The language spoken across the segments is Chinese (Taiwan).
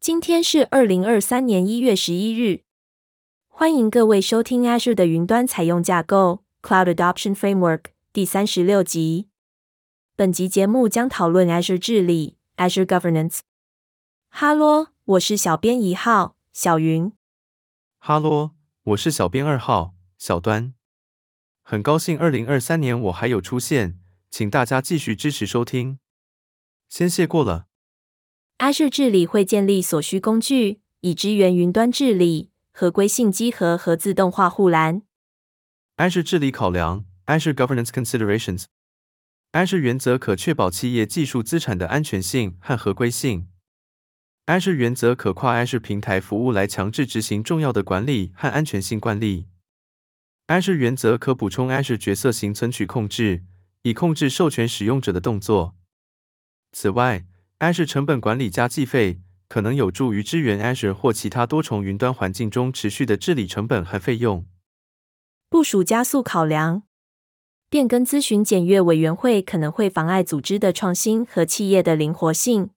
今天是二零二三年一月十一日，歡迎各位收聽 Azure 的雲端採用架構 （Cloud Adoption Framework） 第三十六集。本集節目將討論智力 Azure 治理 （Azure Governance）。哈嘍，我是小編一號小雲。哈嘍，我是小編二號小端。很高興二零二三年我還有出現，請大家繼續支持收聽，先謝過了。Azure 治理會建立所需工具，以支援雲端治理、合規性稽核和自動化護欄。Azure 治理考量 （Azure Governance Considerations）：Azure 原則可確保企業技術資產的安全性和合規性。Azure 原則可跨 Azure 平台服務來強制執行重要的管理和安全性慣例。Azure 原則可補充 Azure 角色型存取控制，以控制授權使用者的動作。此外，Azure 成本管理加計費可能有助於支援 Azure 或其他多重雲端環境中持續的治理成本和費用部署加速考量。變更諮詢檢閱委員會可能會妨礙組織的創新和企業的靈活性。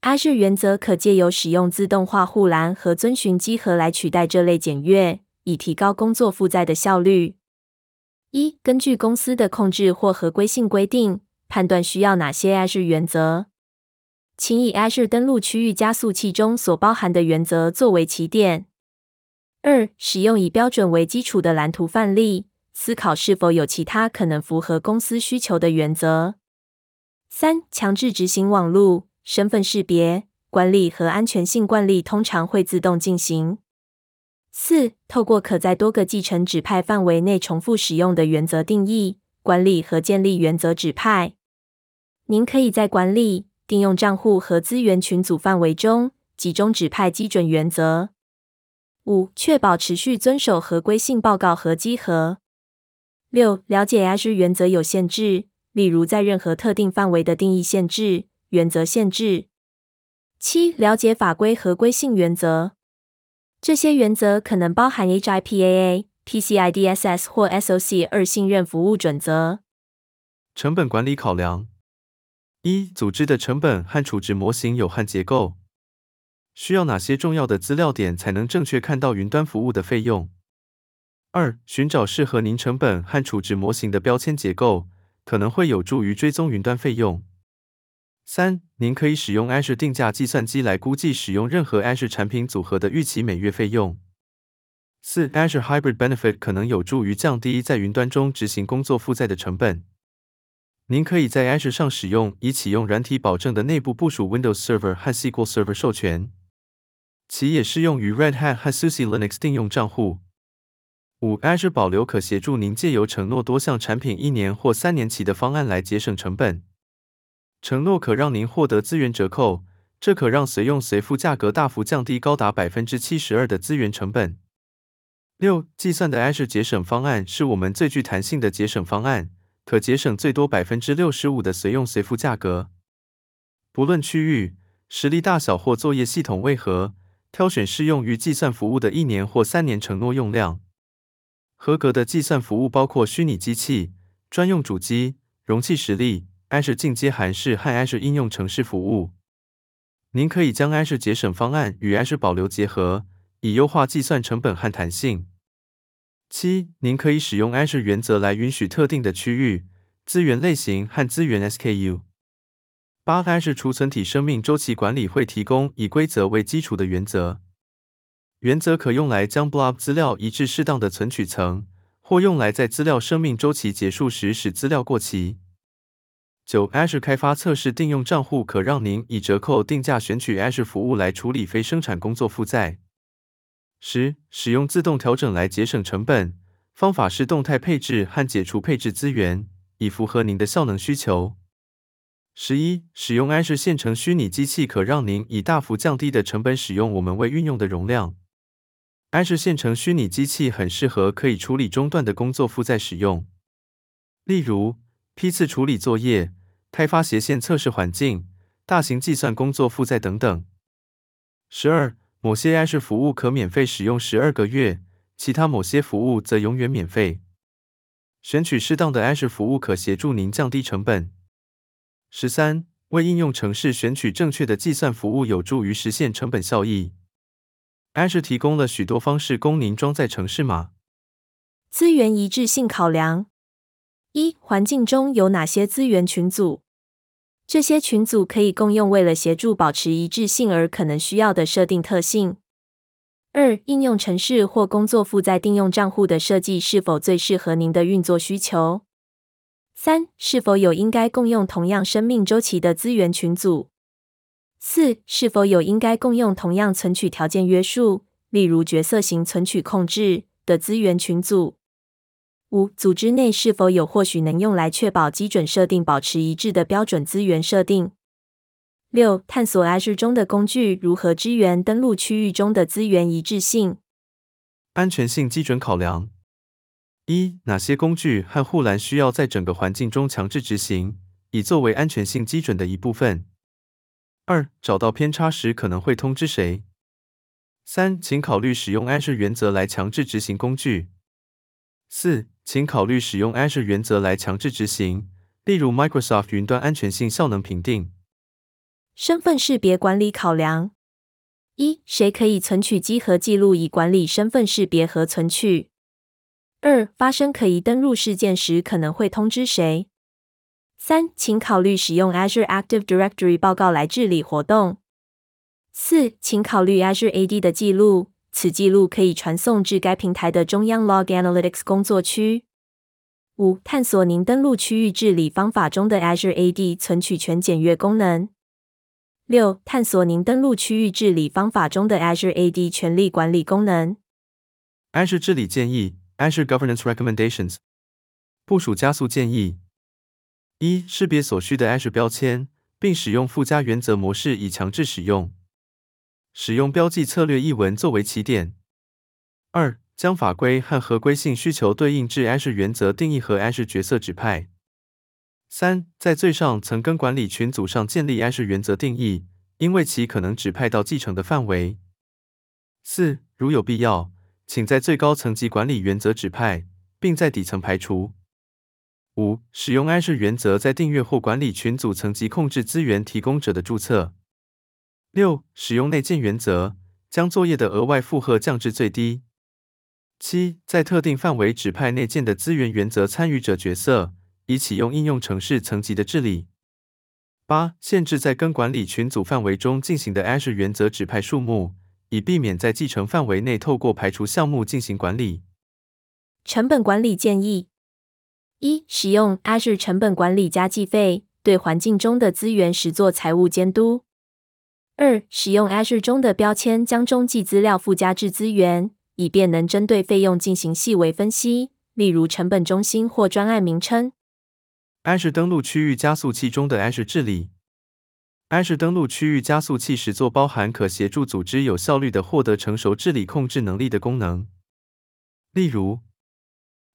Azure 原則可借由使用自動化護欄和遵循集合來取代這類檢閱，以提高工作負載的效率。一、根據公司的控制或合規性規定，判斷需要哪些 Azure 原則。請以 Azure 登錄區域加速器中所包含的原則作為起點。二、使用以標準為基礎的藍圖範例，思考是否有其他可能符合公司需求的原則。三、強制執行網路、身份識別、管理和安全性慣例通常會自動進行。四、透過可在多個繼承指派範圍內重複使用的原則定義、管理和建立原則指派。您可以在管理。應用賬戶和資源群組範圍中集中指派基準原則。五、確保持續遵守合規性報告和稽核。六、了解 Azure 原則有限制，例如在任何特定範圍的定義限制、原則限制。七、了解法規合規性原則。這些原則可能包含 HIPAA、PCI DSS 或 SOC 二信任服務準則。成本管理考量。一、組織的成本和儲值模型有何結構，需要哪些重要的資料點才能正確看到雲端服務的費用？二、尋找適合您成本和儲值模型的標籤結構，可能會有助於追蹤雲端費用。三、您可以使用 Azure 定價計算機來估計使用任何 Azure 產品組合的預期每月費用。四、Azure Hybrid Benefit 可能有助於降低在雲端中執行工作負載的成本。您可以在 Azure 上使用已啟用軟體保證的內部部署 Windows Server 和 SQL Server 授權，其也適用於 Red Hat 和 SUSE Linux 訂用賬戶。五 Azure 保留可協助您借由承諾多項產品一年或三年期的方案來節省成本，承諾可讓您獲得資源折扣，這可讓隨用隨付價格大幅降低高達百分之七十二的資源成本。六計算的 Azure 節省方案是我們最具彈性的節省方案。可節省最多百分之六十五的隨用隨付價格，不論區域、實例大小或作業系統為何，挑選適用於計算服務的一年或三年承諾用量。合格的計算服務包括虛擬機器、專用主機、容器實例、Azure 進階函式和 Azure 應用程式服務。您可以將 Azure 節省方案與 Azure 保留結合，以優化計算成本和彈性。七，您可以使用 Azure 原則來允許特定的區域、資源類型和資源 SKU。八，Azure 儲存體生命週期管理會提供以規則為基礎的原則，原則可用來將 Blob 資料移至適當的存取層，或用來在資料生命週期結束時使資料過期。九，Azure 開發測試訂用帳戶可讓您以折扣定價選取 Azure 服務來處理非生產工作負載。十、使用自動調整來節省成本，方法是動態配置和解除配置資源，以符合您的效能需求。十一、使用 Azure 線程虛擬機器可讓您以大幅降低的成本使用我們未運用的容量。Azure 線程虛擬機器很適合可以處理中斷的工作負載使用，例如批次處理作業、開發斜線測試環境、大型計算工作負載等等。十二。某些 Azure 服務可免費使用十二個月，其他某些服務則永遠免費。選取適當的 Azure 服務可協助您降低成本。十三，為應用程式選取正確的計算服務有助於實現成本效益。Azure 提供了許多方式供您裝載程式碼？資源一致性考量：一，環境中有哪些資源群組？這些群組可以共用，為了協助保持一致性而可能需要的設定特性。二、應用程式或工作負載訂用帳戶的設計是否最適合您的運作需求？三、是否有應該共用同樣生命週期的資源群組？四、是否有應該共用同樣存取條件約束，例如角色型存取控制的資源群組？五、5. 組織內是否有或許能用來確保基準設定保持一致的標準資源設定？六、探索 Azure 中的工具如何支援登錄區域中的資源一致性。安全性基準考量：一、哪些工具和護欄需要在整個環境中強制執行，以作為安全性基準的一部分？二、找到偏差時可能會通知誰？三、請考慮使用 Azure 原則來強制執行工具。四、請考慮使用 Azure 原則來強制執行，例如 Microsoft 雲端安全性效能評定。身份識別管理考量：一、誰可以存取稽核記錄以管理身份識別和存取；二、發生可疑登入事件時可能會通知誰；三、請考慮使用 Azure Active Directory 報告來治理活動；四、請考慮 Azure AD 的記錄。此記錄可以傳送至該平台的中央 Log Analytics 工作區。五、探索您登錄區域治理方法中的 Azure AD 存取權檢閱功能。六、探索您登錄區域治理方法中的 Azure AD 權利管理功能。Azure 治理建議 (Azure Governance Recommendations) 部署加速建議：一、識別所需的 Azure 標籤，並使用附加原則模式以強制使用。使用標記策略一文作為起點。二、將法規和合規性需求對應至 Azure 原則定義和 Azure 角色指派。三、在最上層根管理群組上建立 Azure 原則定義，因為其可能指派到繼承的範圍。四、如有必要，請在最高層級管理原則指派，並在底層排除。五、使用 Azure 原則在訂閱或管理群組層級控制資源提供者的註冊。六、使用內建原則，將作業的額外負荷降至最低。七、在特定範圍指派內建的資源原則參與者角色，以啟用應用程式層級的治理。八、限制在根管理群組範圍中進行的 Azure 原則指派數目，以避免在繼承範圍內透過排除項目進行管理。成本管理建議：一、使用 Azure 成本管理加計費，對環境中的資源實做財務監督。二、使用 Azure 中的標籤，將中繼資料附加至資源，以便能針對費用進行細微分析，例如成本中心或專案名稱。Azure 登陸區域加速器中的 Azure 治理。Azure 登陸區域加速器實作包含可協助組織有效率地獲得成熟治理控制能力的功能，例如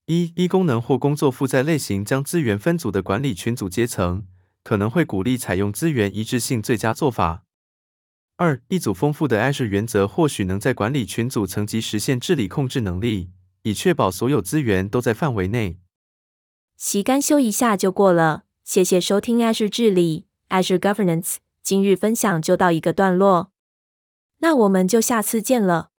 一、依功能或工作負載類型將資源分組的管理群組階層，可能會鼓勵採用資源一致性最佳做法。二、一組豐富的 Azure 原則或許能在管理群組層級實現治理控制能力，以確保所有資源都在範圍內。習幹修一下就過了，謝謝收聽 Azure 治理，Azure Governance，今日分享就到一個段落，那我們就下次見了。